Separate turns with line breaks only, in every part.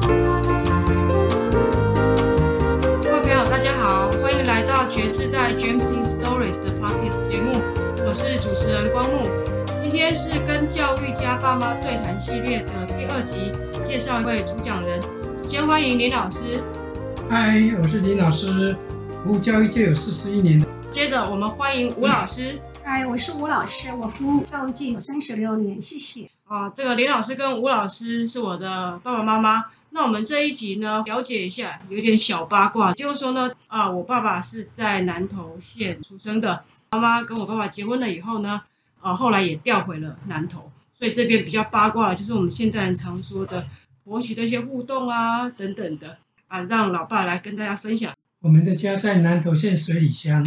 各位朋友，大家好，歡迎來到覺世代 Gems in Stories 的 Podcast 節目，我是主持人光目。今天是跟教育家爸媽對談系列的第二集，介紹一位主講人。首先歡迎林老師，
嗨，我是林老師，服務教育界有四十一年了，
接着我們歡迎吳老師，嗨，我是吳老師，我服務教育界有三十六年，謝謝。啊，這個林老師跟吳老師是我的爸爸媽媽。那我們這一集呢，了解一下有點小八卦，就是說呢，啊，我爸爸是在南投縣出生的，媽媽跟我爸爸結婚了以後呢，啊，後來也調回了南投，所以這邊比較八卦的，就是我們現在常說的婆媳的一些互動啊等等的，啊，讓老爸來跟大家分享。
我們的家在南投縣水里鄉，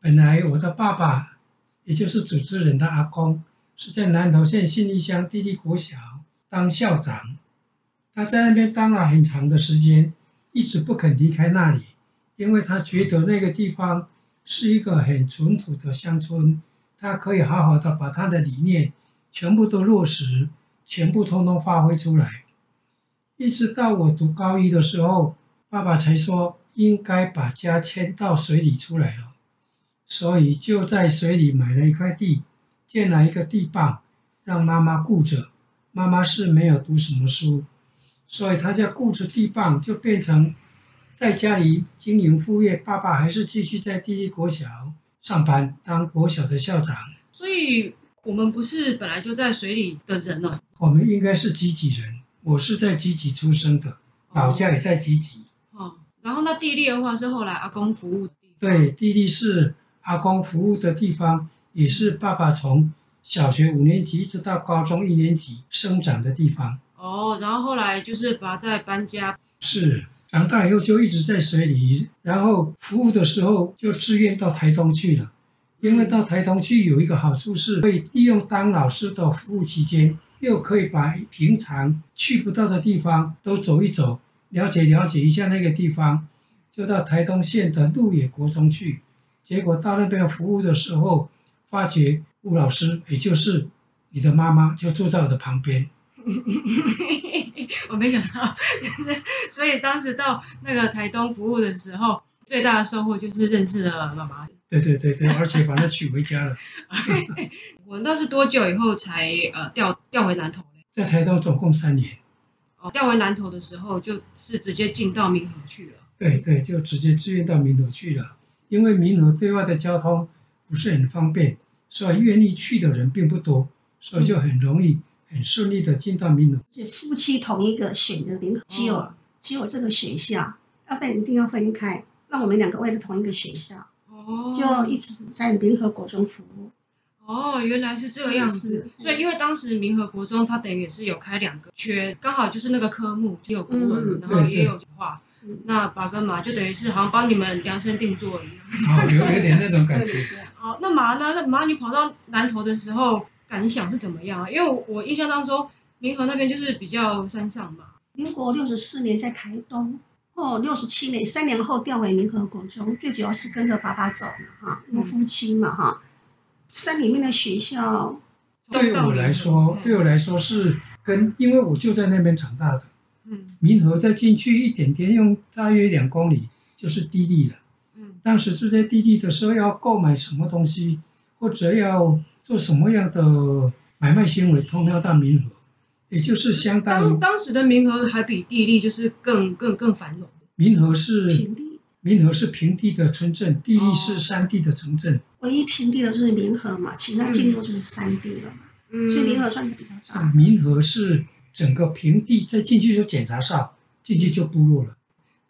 本來我的爸爸，也就是主持人的阿公，是在南投縣信義鄉地利國小當校長。他在那邊當了很長的時間，一直不肯離開那裡，因為他覺得那個地方是一個很淳樸的鄉村，他可以好好的把他的理念全部都落實，全部通通發揮出來。一直到我讀高一的時候，爸爸才說應該把家遷到水里出來了，所以就在水里買了一塊地，建了一個地磅，讓媽媽顧着。媽媽是沒有讀什麼書。所以他就顧著地磅，就變成在家裡經營副業。爸爸還是繼續在地利國小上班，當國小的校長。
所以我們不是本來就在水裡的人了。
我們應該是集集人，我是在集集出生的。哦，老家也在集集。
哦，然後那地利的話是後來阿公服
務的地方。對，地利是阿公服務的地方，也是爸爸從小學五年級一直到高中一年級生長的地方。
哦、oh，然後後來
就是把它再搬家。是長大以後就一直在水裡，然後服務的時候就自願到台東去了。因為到台東去有一個好處是，可以利用當老師的服務期間，又可以把平常去不到的地方都走一走，了解了解一下那個地方。就到台東縣的鹿野國中去，結果到那邊服務的時候，發覺吳老師，也就是你的媽媽，就住在我的旁邊。
我沒想到，所以當時到那個台東服務的時候，最大的收穫就是認識了媽媽。
對對對對，而且把她娶回家了
我那倒是多久以後才呃調調回南投呢？在
台東總共三年。
調回南投的時候，就是直接進到民和去了。
對對，就直接志願到民和去了，因為民和對外的交通不是很方便，所以願意去的人並不多，所以就很容易，嗯。很順利的進到民和。
就夫妻同一個選擇民和，只有、oh. 只有這個學校，要不然一定要分開。那我們兩個為了同
一個學校，oh. 就
一直在民和國中服務。
哦、oh，原來是這個樣子。所以因為當時民和國中，它等於是有開兩個缺，剛好就是那個科目就有國文、嗯，然後也有畫。那爸跟媽就等於是好像幫你們量身定做一
樣， 哦、有一點那種感覺。
哦，那媽呢？那媽你跑到南投的時候？感想是怎麼樣啊？因為我印象當中，民和那邊就是比較山上嘛。
民國六十四年在台東哦，六十七年三年後調回民和國中，最主要是跟着爸爸走嘛哈，我、嗯、夫妻嘛哈。山裡面的學校，動
動對我來說對，對我來說是跟，因為我就在那邊長大的。嗯，民和再進去一點點，用大約兩公里就是地利了。嗯，當時住在地利的時候，要購買什麼東西或者要。做什麼樣的買賣行為通到到民和，也就是相當當
當時的民和還比地利就是更更更繁榮的。
民和是平地，民和是平地的村鎮，地利是山地的城鎮、
哦。唯一平地的就是民和嘛，其他進入就是山
地了
嘛，嗯、所以民和算是比
較少。民和是整個平地，再進去就檢查上，進去就部落了。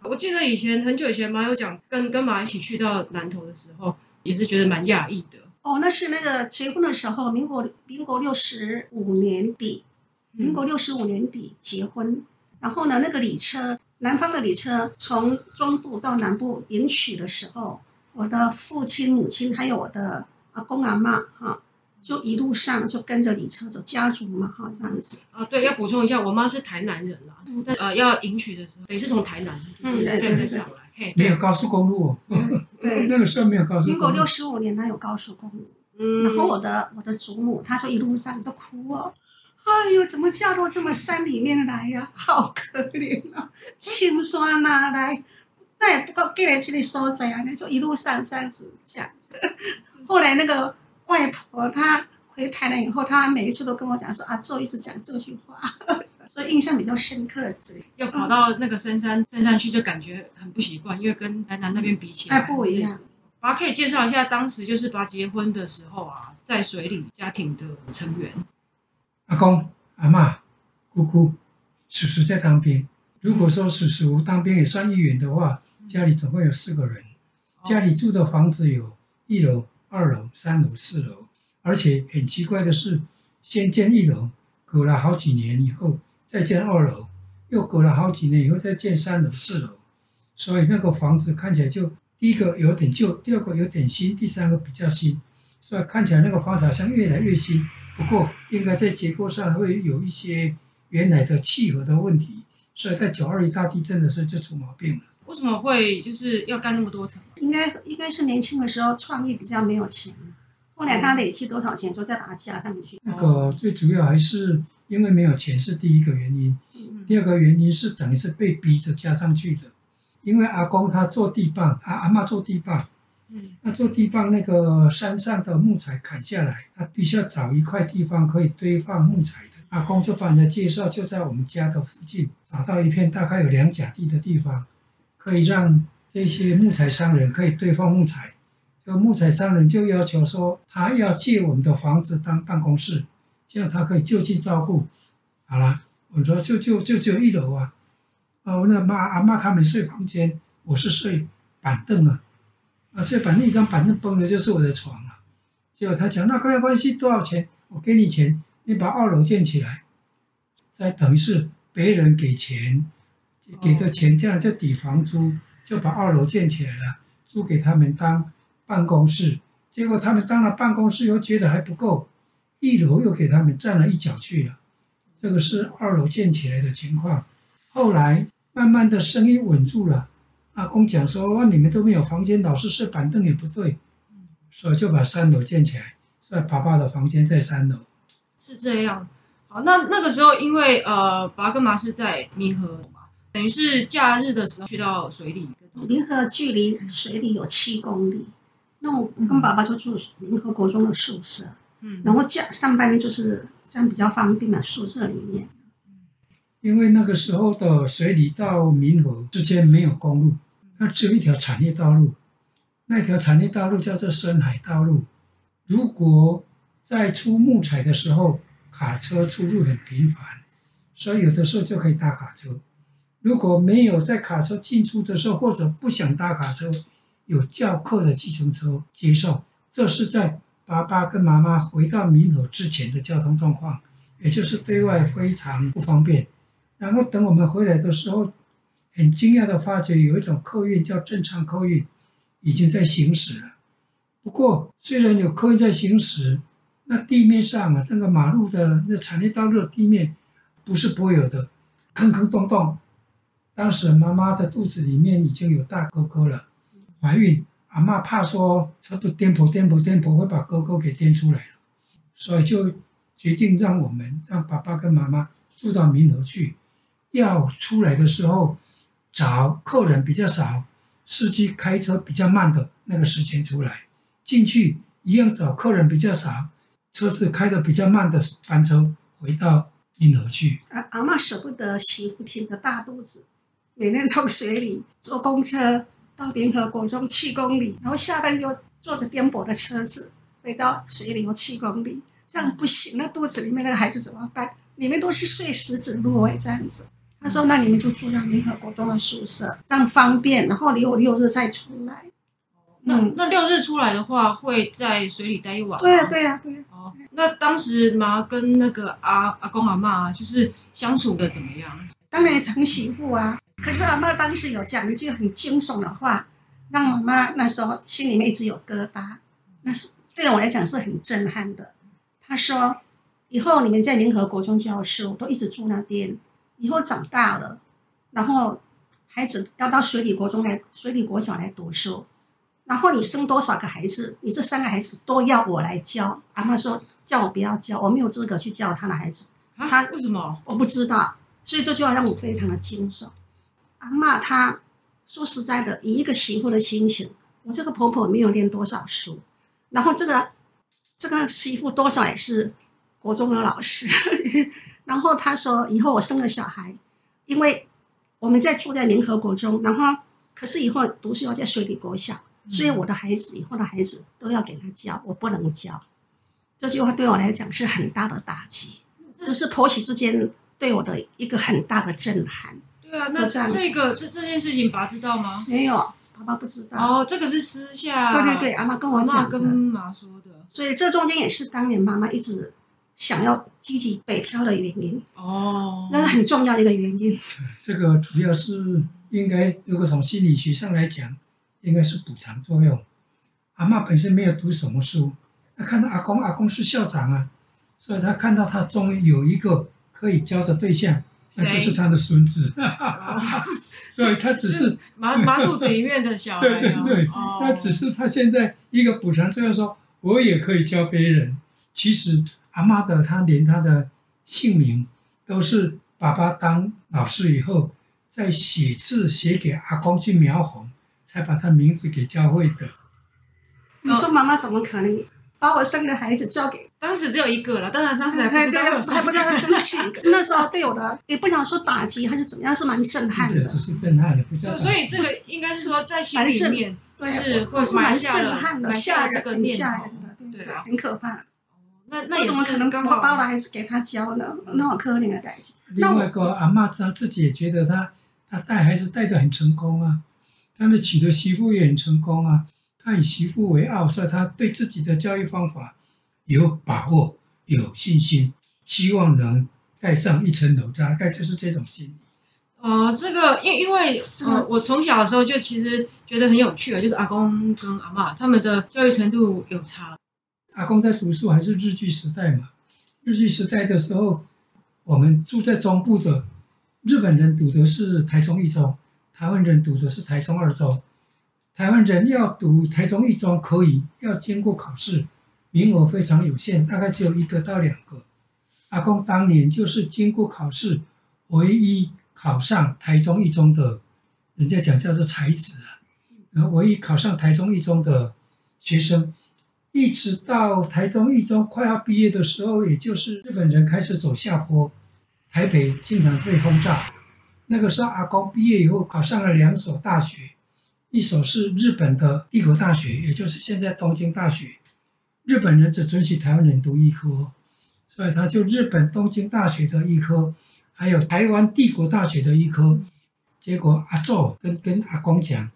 我記得以前很久以前，媽有講跟跟媽一起去到南投的時候，也是覺得蠻訝異的。哦，那是那個結婚的時候，民國
民國六十五年底，民國六十五年底結婚。然後呢，那個禮車，南方的禮車從中部到南部迎娶的時候，我的父親、母親還有我的阿公阿嬤哈、啊，就一路上就跟着禮車走家族嘛哈這樣子。
啊、呃，對，要補充一下，我媽是台南人啦、啊。對、嗯呃，要迎娶的時候，也是從台南，是
嗯，在再下來。
沒有高速公路，哦對對，
那個時候沒有高速公路。民國六十五年，他有高速公路。嗯、然後我的我的祖母，她說一路上就哭，哦，哎呦，怎麼嫁到這麼山裡面來呀，啊？好可憐啊，心酸哪，啊，來？那也不過過來這裡收山呀，就一路上這樣子講。後來那個外婆她。所以台南以後，他每一次都跟我講說：“啊，就一直講這句話呵呵，所以印象比較深刻。”
要跑到那個深山深山、嗯、去，就感覺很不習慣，因為跟台南那邊比起來、嗯、還不一樣。我、啊、可以介紹一下，當時就是爸結婚的時候啊，在水里家庭
的成員：阿公、阿媽、姑姑、叔叔在當兵。如果說叔叔當兵也算一員的話、嗯，家裡總共有四個人、哦。家裡住的房子有一樓、二樓、三樓、四樓。.而且很奇怪的是，先建一樓，隔了好幾年以後再建二樓，又隔了好幾年以後再建三樓、四樓，所以那個房子看起來就第一個有點舊，第二個有點新，第三個比較新，所以看起來那個房子好像越來越新。不過應該在結構上會有一些原來的契合的問題，所以在九二一大地震的時候就出毛病了。
為什麼會就是要蓋那麼多層？應
該應該是年輕的時候創業比較沒有錢。後來他累積多少
錢，就再把它加上去。那個最主要還是因為沒有錢，是第一個原因、嗯，第二個原因是等於是被逼着加上去的。因為阿公他做地磅、啊，阿阿嬤做地磅，嗯，那做地磅那個山上的木材砍下來，他必須要找一塊地方可以堆放木材的。阿公就幫人家介紹，就在我們家的附近找到一片大概有兩甲地的地方，可以讓這些木材商人可以堆放木材。個木材商人就要求說，他要借我們的房子當辦公室，這樣他可以就近照顧。好了，我說就就就只有一樓啊，我那媽阿嬤他們睡房間，我是睡板凳啊，啊，睡板凳一張板凳崩了就是我的床了、啊。結果他講那關關係多少錢？我給你錢，你把二樓建起來，在等於是別人給錢，給的錢這樣就抵房租，就把二樓建起來了，租給他們當辦公室，結果他們當了辦公室，又覺得還不夠，一樓又給他們佔了一角去了。這個是二樓建起來的情況。後來慢慢的聲音穩住了，阿公講說：“哇，你們都沒有房間，老是睡板凳也不對。”所以就把三樓建起來。在爸爸的房間在三樓。
是這樣。好，那那個時候因為呃，爸爸跟媽是在民和嘛，等於是假日的時候去到水里。民和距離水里有
七公里。我跟爸爸就住
民和國中的宿舍，然後家上班就是這樣比較方便嘛，宿舍裡面。因為那個時候的水里到民和之間沒有公路，那只有一條產業道路，那條產業道路叫做深海道路。如果在出木材的時候，卡車出入很頻繁，所以有的時候就可以搭卡車。如果沒有在卡車進出的時候，或者不想搭卡車。有教課的計程車接送。這是在爸爸跟媽媽回到民和之前的交通狀況，也就是對外非常不方便。然後等我們回來的時候，很驚訝的發覺有一種客運叫正昌客運已經在行駛了。不過雖然有客運在行駛，那地面上啊，那、這個馬路的那產業道路的地面不是柏油的，坑坑洞洞。當時媽媽的肚子裡面已經有大哥哥了。懷孕，阿媽怕說車不顛簸顛簸顛簸會把哥哥給顛出來了，所以就決定讓我們讓爸爸跟媽媽住到民和去。要出來的時候，找客人比較少，司機開車比較慢的那個時間出來；進去一樣找客人比較少、車子開得比較慢的班車回到民和去。啊、
阿阿媽捨不得媳婦挺着大肚子，每天從水里坐公車。到聯合國中七公里，然後下班就坐着顛簸的車子回到水里又七公里，這樣不行。那肚子裡面那個孩子怎麼辦？裡面都是碎石子路哎，這樣子。他說：“那你們就住在聯合國中的宿舍，這樣方便。然後你有六日再出來。
那、嗯、那六日出來的話，會在水里待一晚嗎？對呀、啊，對呀、啊，對呀、啊。哦，那當時媽跟那個阿阿公阿媽啊，就是相處的怎麼樣？
當然成媳婦啊。”可是阿媽當時有講一句很驚悚的話，讓我媽媽那時候心裡面一直有疙瘩。那是對我來講是很震撼的。她說：“以後你們在聯合國中教書，我都一直住那邊。以後長大了，然後孩子要到水里國中來，水里國小來讀書。然後你生多少個孩子，你這三個孩子都要我來教。”阿媽說：“叫我不要教，我沒有資格去教他的孩子。他”他為什麼？我不知道。所以這句話讓我非常的驚悚。啊，罵她，說實在的，以一個媳婦的心情。我這個婆婆沒有念多少書，然後這個這個媳婦多少也是國中的老師。 然後她說，以後我生了小孩，因為我們在住在民和國中，然後可是以後讀書要在水里國小，所以我的孩子以後的孩子都要給她教，我不能教。這句話對我來講是很大的打擊，這是婆媳之間對我的一個很大的震撼。
對啊，那這個這這，這件事情，爸爸知道嗎？沒有，爸爸不知道。哦，這個是私下。對對對，阿嬤跟我媽跟媽說的，所以這
中間也是當年媽媽一直想要積極北漂的原因。哦，那是很重要的一個原因。
這個主要是應該，如果從心理學上來講，應該是補償作用。阿嬤本身沒有讀什麼書，她看到阿公，阿公是校長啊，所以她看到她終於有一個可以教的對象。那就是他的孫子，啊， 所以他只是 媽媽肚子裡面
的小孩，哦。 對對對，哦，他
只是他現在一個補償，就是說我也可以教別人。其實阿嬤的，他連他的姓名都是爸爸當老師以後，在寫字寫給阿公去描紅，才把他名字給教會的，哦。你說
媽媽怎麼可能？把我生的孩子交給，
當時只有一個了，當然當時還不不知道生了 那時候對我的，也不想說
打擊還是怎麼樣，是蠻震撼的。只是震撼的，所以這個
應該是說，在心裡面是，是，蠻是，蠻是蠻震撼的，嚇人，人，人的，嚇人的，對，很可怕、嗯。那那也是我抱了，嗯、是剛
剛爸爸還是
給他教呢？那麼可憐的孩子。另外一個阿、啊、媽自自己也覺得他他帶孩子帶的很成功啊，他們娶的媳婦也很成功啊。他以媳婦為傲，所以他對自己的教育方法有把握，有信心，希望能蓋上一層樓，大概就是這種心理。
啊、呃，這個，因為因為這個，我從小的時候就其實覺得很有趣，就是阿公跟阿嬤他們的教育程度有差。
阿公在讀書還是日據時代嘛？日據時代的時候，我們住在中部的日本人讀的是台中一中，台灣人讀的是台中二中。台灣人要讀台中一中，可以要經過考試，名額非常有限，大概只有一個到兩個。阿公當年就是經過考試，唯一考上台中一中的，人家講叫做才子啊，然後唯一考上台中一中的學生，一直到台中一中快要畢業的時候，也就是日本人開始走下坡，台北經常被轟炸，那個時候阿公畢業以後考上了兩所大學。一所是日本的帝國大學，也就是現在東京大學。日本人只准許台灣人讀醫科，所以他就日本東京大學的醫科，還有台灣帝國大學的醫科。結果阿祖跟跟阿光講，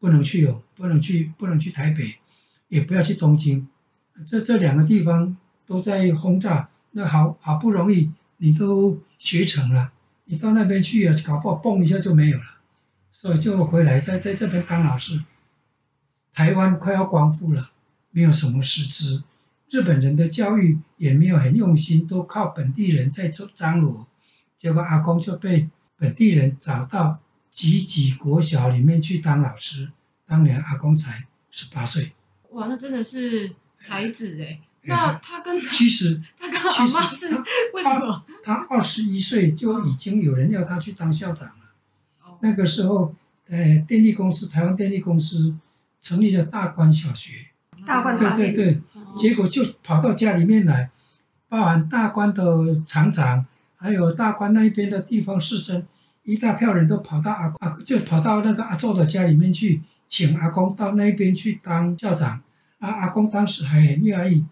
不能去哦，不能去，不能去台北，也不要去東京。這這兩個地方都在轟炸，那好好不容易你都學成了，你到那邊去啊，搞不好蹦一下就沒有了。所以就回來在在這邊當老師，台灣快要光復了，沒有什麼師資，日本人的教育也沒有很用心，都靠本地人在做張羅。結果阿公就被本地人找到集集國小裡面去當老師，當年阿公才十八歲。
哇，那真的是才子哎、
嗯！那他跟他其實他跟阿媽是為什麼？他二十一歲就已經有人要他去當校長了。那個時候，誒、哎，電力公司台灣電力公司成立了大觀小學，大、啊、對對對、啊，結果就跑到家裡面來，包含大觀的廠長，還有大觀那一邊的地方士紳，一大票人都跑到阿公就跑到那個阿祖的家裡面去，請阿公到那邊去當校長。阿、啊、阿公當時還很訝異，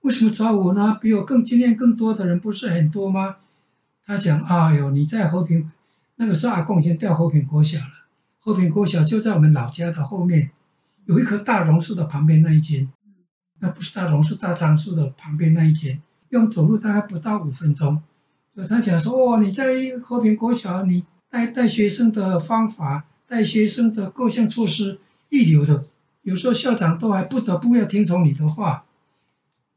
為什麼找我呢？比我更經驗更多的人不是很多嗎？他講，哎呦，你在和平。那個時候，阿公已經調和平國小了。和平國小就在我們老家的後面，有一棵大榕樹的旁邊那一間。那不是大榕樹、大樟樹的旁邊那一間，用走路大概不到五分鐘。就他講說：“哦，你在和平國小，你帶帶學生的方法、帶學生的各項措施一流的，有時候校長都還不得不要聽從你的話。”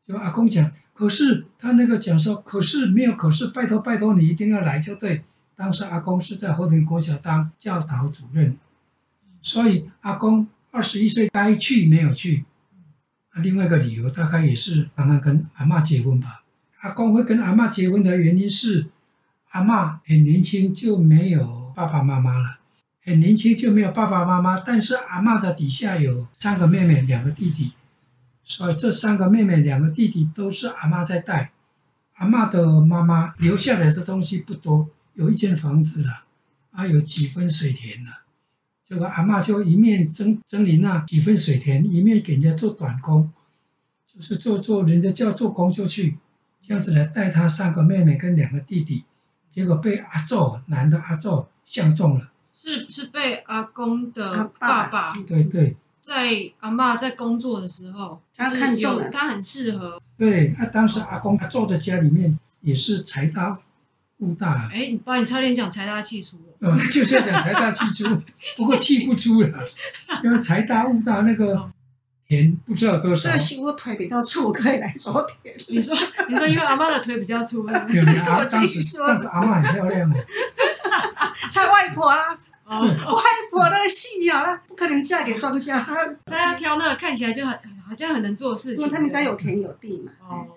就阿公講，可是他那個講說：“可是沒有，可是拜托拜托，你一定要來就對。”當時阿公是在和平國小當教導主任，所以阿公二十一歲該去沒有去。另外一個理由大概也是剛剛跟阿嬤結婚吧。阿公會跟阿嬤結婚的原因是，阿嬤很年輕就沒有爸爸媽媽了，很年輕就沒有爸爸媽媽。但是阿嬤的底下有三個妹妹，兩個弟弟，所以這三個妹妹、兩個弟弟都是阿嬤在帶。阿嬤的媽媽留下來的東西不多。有一間房子了，還、啊、有幾分水田了。結果阿嬤就一面整整理那幾分水田，一面給人家做短工，就是做做人家叫做工就去，這樣子來帶他三個妹妹跟兩個弟弟。結果被阿祖男的阿祖相中了，
是不是被阿公的爸爸、啊、爸爸對對，在阿嬤在工作的時候，就是、他看中了，他很適合。
對，那、啊、當時阿公阿祖的家裡面也是柴刀。悟大，
哎，爸，你差點講財大氣粗。嗯，就是要講財大
氣粗， 不過氣不粗了，因為財大悟大，那個田不知道多少。這、哦，是
我腿比較粗，可以來種田。你說，你說，因為阿媽的腿比較粗。可是我當時，
但 是當時 阿媽很漂亮
像 外婆啦，哦，外婆，哦、那個細好了、啊，不可能嫁給莊家。大家
挑那個看起來就很，好像很能做事情。因為他們家有田有地嘛。哦。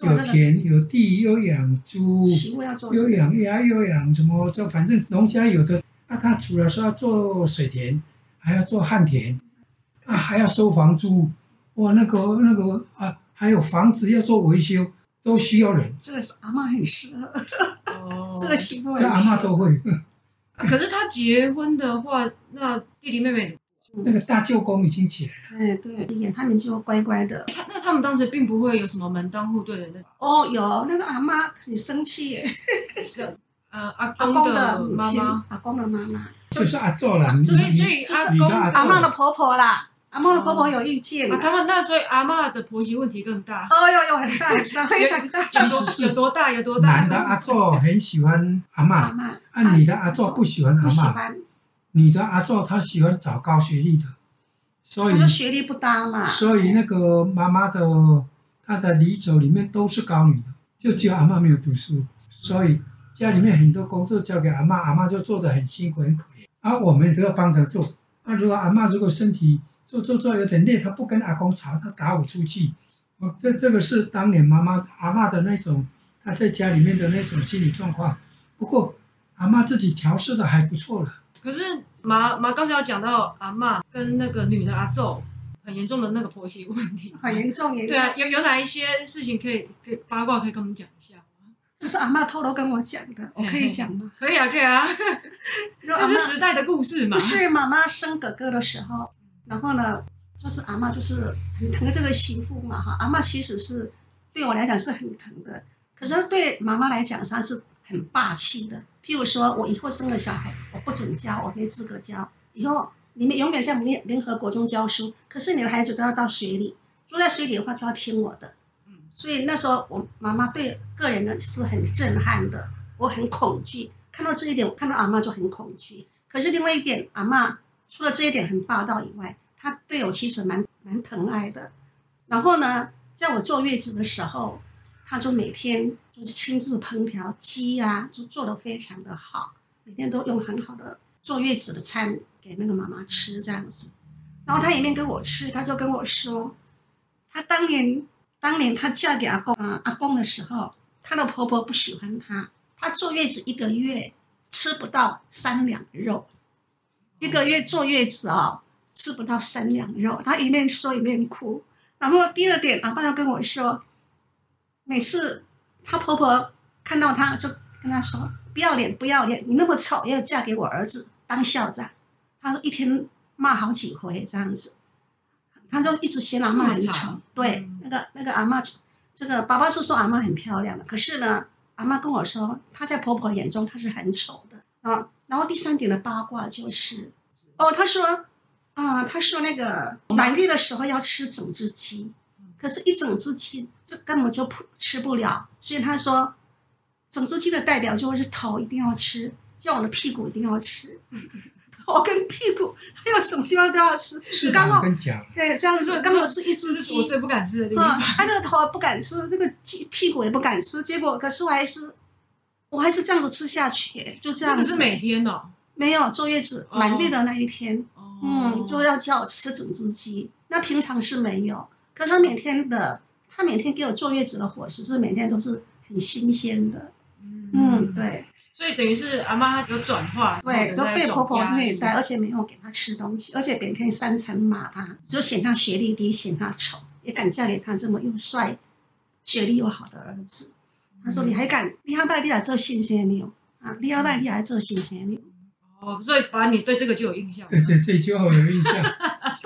有
田有地，有養豬，有養鴨，有養什麼？就反正農家有的、啊。那他主要是要做水田，還要做旱田，啊，還要收房租。哇，那個那個啊，還有房子要做維修，都需要人。這個是阿嬤很適合，這個媳婦。啊、這阿嬤都會。可是
他結婚的話，那弟弟妹妹怎麼。那個大舅
公已經起來了。
哎、嗯，對，他們就乖乖的。他那他們當時並不會有什麼門當戶對的那。哦、oh，有那個阿媽很
生氣耶。 是、啊，呃，阿公的媽媽，阿公的媽媽，阿公的媽媽。就是阿祖了你。所以，所以這、就是阿公、就是、阿媽的婆婆啦。嗯、阿媽的婆婆有意見、啊。他們
那時候阿媽的婆媳問題更大。哦喲喲，有有很大，
非
常大，有大 有，有多大？有多大？
有多大？男的阿祖很喜歡阿媽。阿媽。女的阿祖不喜歡阿媽。你的阿祖他喜歡找高學歷的，所以學歷不搭嘛。所以那個媽媽的她的離走裡面都是高女的，就只有阿嬤沒有讀書，所以家裡面很多工作交給阿嬤，阿嬤就做得很辛苦很苦。而啊，我們都要幫着做。那、啊、如果阿嬤如果身體做做做有點累，她不跟阿公吵，她打我出氣。哦、啊，這這個是當年媽媽阿嬤的那種她在家裡面的那種心理狀況。不過阿嬤自己調適的還不錯了。
可是媽媽剛才要講到阿嬤跟那個女的阿晝很嚴重的那個婆媳問題，很嚴重嚴重。對啊，有有哪一些事情可以可以八卦可以跟我們講一下嗎？
這是阿嬤偷偷跟我講的，我可以講
嗎？可以啊，可以啊， 這是時代的故事嘛。就是
媽媽生哥哥的時候，然後呢，就是阿嬤就是很疼這個媳婦嘛哈。阿嬤其實是對我來講是很疼的，可是對媽媽來講她是很霸氣的。譬如說，我以後生了小孩，我不准教，我沒資格教。以後你們永遠在聯聯合國中教書，可是你的孩子都要到水裡。住在水裡的話，就要聽我的。嗯。所以那時候我媽媽對個人呢是很震撼的，我很恐懼。看到這一點，我看到阿嬤就很恐懼。可是另外一點，阿嬤除了這一點很霸道以外，她對我其實蠻蠻疼愛的。然後呢，在我坐月子的時候，她就每天。就是親自烹調雞啊，就做得非常的好，每天都用很好的坐月子的菜給那個媽媽吃這樣子，然後她一面給我吃，她就跟我說，她當年當年她嫁給阿公啊阿公的時候，她的婆婆不喜歡她，她坐月子一個月吃不到三兩肉，一個月坐月子啊、哦、吃不到三兩肉，她一面說一面哭，然後第二點，阿爸又跟我說，每次。她婆婆看到她，就跟她說：“不要臉，不要臉！你那麼醜，要嫁給我兒子當校長？”她說一天罵好幾回這樣子，她就一直嫌阿嬤很醜。對，那個那個阿嬤，這個爸爸是說阿嬤很漂亮的，可是呢，阿嬤跟我說，她在婆婆眼中，她是很醜的啊。然後第三點的八卦就是，哦，她說啊，她說那個滿月的時候要吃整隻雞。可是一整隻雞，這根本就不吃不了，所以他說，整隻雞的代表就是頭一定要吃，叫我的屁股一定要吃， 頭跟屁股還有什麼地方都要吃。是剛剛講，對，這樣子，剛好是一隻雞，我最不敢吃的地方，他、嗯、那個頭不敢吃，那個雞屁股也不敢吃，結果可是我還是，我還是這樣子吃下去，就這樣子。可、這個、是每天哦？沒有，坐月子，滿、哦、月的那一天、哦，嗯，就要叫我吃整隻雞，那平常是沒有。可是他每天的，他每天給我坐月子的伙食是每天都是很新鮮的。嗯，對。所以
等於是阿媽有轉化。
對，就被婆婆虐待，而且沒有給她吃東西，而且每天三餐罵她，就嫌她學歷低，嫌她醜，也敢嫁給他這麼又帥、學歷又好的兒子。嗯、他說：“你還敢你家外，你來做新鮮女？啊，離家外，你來做新鮮女、嗯？”
哦，所以把你對這個就有印象。
對對，對，這就好有印象。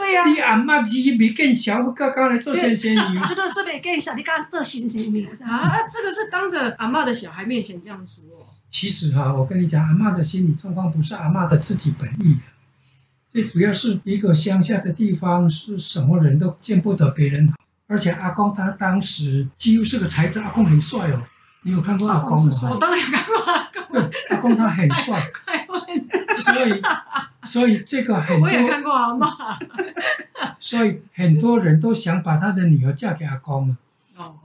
對呀，你阿媽基因比更小，我剛剛來做星星女，這個是比更
小你剛剛做新星女啊？這個是當着阿媽的小孩面前這樣說。哦。
其實哈、啊，我跟你講，阿媽的心理狀況不是阿媽的自己本意、啊，最主要是一個鄉下的地方，是什麼人都見不得別人好。而且阿公他當時幾乎是個才子，阿公很帥哦，你有看過阿公嗎？嗎、啊？我當然有看過阿公。對，阿公他很帥，所以。 所以這個很我也看過阿嬤，所以很多人都想把他的女兒嫁給阿公嘛，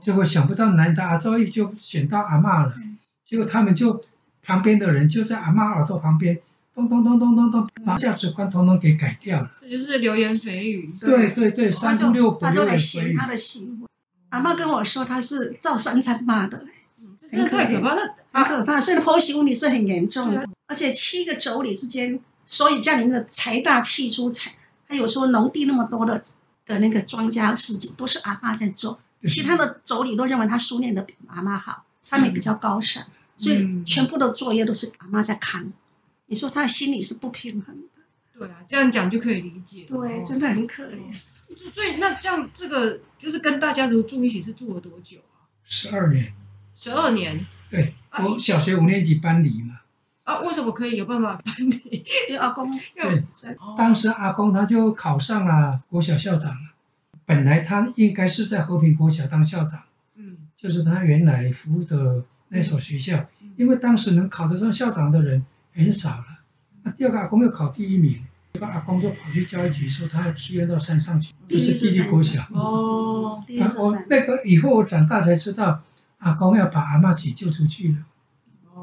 結果想不到男的阿昭義就選到阿嬤了。結果他們就旁邊的人就在阿嬤耳朵旁邊咚咚咚咚咚咚，把價值觀統統給改掉了。
這就是流言蜚語。對
對對，三十六得六。他的行
為，阿嬤跟我說他是照三餐罵的，很可怕。
那很可
怕，所以婆媳問題是很嚴重的，而且七個妯娌之間。所以家裡面的財大氣粗，財他有時候農地那麼多的的那個莊稼事情都是阿爸在做，其他的妯娌都認為他書念的比阿媽好，他們比較高尚，嗯，所以全部的作業都是阿媽在看，嗯，你說
他的心裡是不平衡的。對啊，這樣講就可以理解了。對，真的很可憐。哦，所以那這樣，這個就是跟大家族住一起是住了多久啊？
十二年。
十二年。
對，我小學五年級搬離嘛。哎
啊，為什麼可以有辦法幫你？ 因為阿公對，對、
哦，當時阿公他就考上了、啊、國小校長了。本來他應該是在和平國小當校長，嗯，就是他原來服務的那所學校。嗯、因為當時能考得上校長的人很少了。那、嗯啊、第二個阿公要考第一名，一、嗯、個阿公就跑去教育局說、嗯、他要支援到山上去，就是第一次國小哦。
啊哦，
那個以後我長大才知道，阿公要把阿嬤解救出去了。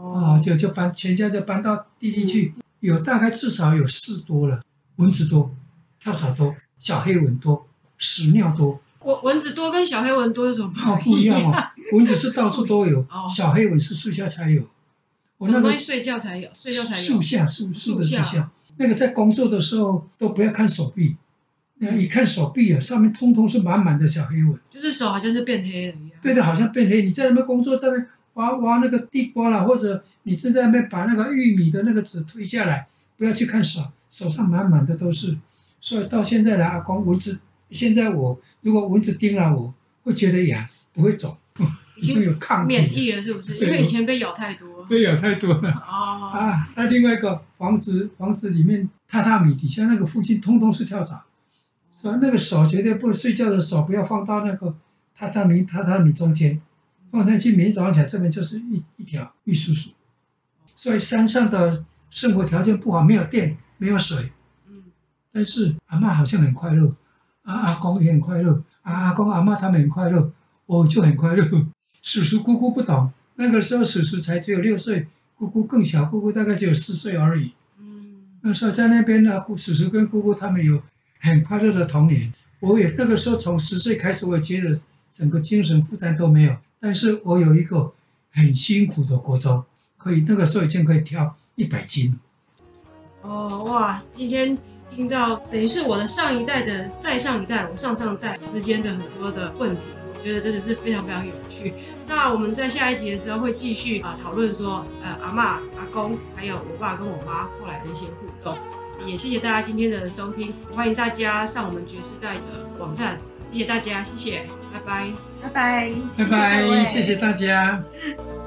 啊、哦，就就搬，全家就搬到地裡去，嗯、有大概至少有四多了，蚊子多，跳蚤多，小黑蚊多，屎尿多。
蚊蚊子多跟小黑蚊多有什麼不一樣嗎？哦哦。蚊
子是到處都有， 哦、小黑蚊是樹下才有。什、那個、麼東西睡
覺才有？睡覺才有。樹下樹樹的樹下、下、
啊，那個在工作的時候都不要看手臂，你、嗯、看一看手臂啊，上面通通是滿滿的小黑蚊，
就是手好像是變黑了一
樣。對的，好像變黑。你在那邊工作，在那邊。挖挖那個地瓜了，或者你正在那邊把那個玉米的那個籽推下來，不要去看手，手上滿滿的都是。所以到現在來，阿光蚊子現在我如果蚊子叮了我，我會覺得癢，不會走。已經有抗體了，免疫了，是
不是？因為以前被咬太
多，被咬太多了。哦、啊，那另外一個房子，房子裡面榻榻米底下那個附近通通是跳蚤、嗯，所以那個手絕對不睡覺的時候不要放到那個榻榻米榻榻米中間。放上去，明天早上起來，這邊就是一一條玉樹水，叔叔，所以山上的生活條件不好，沒有電，沒有水。但是阿嬤好像很快樂，阿、啊、阿公也很快樂，啊、阿公阿嬤他們很快樂，我就很快樂。叔叔姑姑不懂，那個時候叔叔才只有六歲，姑姑更小，姑姑大概只有四歲而已。那時候在那邊呢，姑叔叔跟姑姑他們有很快樂的童年。我也那個時候從十歲開始，我也覺得。整個精神負擔都沒有，但是我有一個很辛苦的過程，可以那個時候已經可以挑一百斤。哦
哇，今天聽到等於是我的上一代的再上一代，我上上代之間的很多的問題，我覺得真的是非常非常有趣。那我們在下一集的時候會繼續啊、呃、討論說，呃阿嬤、阿公，還有我爸跟我媽後
來的一些互動。也謝
謝大家今天的收聽，歡迎大家上我們覺世代的網站，謝謝大家，謝謝。拜拜，拜拜，拜拜，謝謝大
家。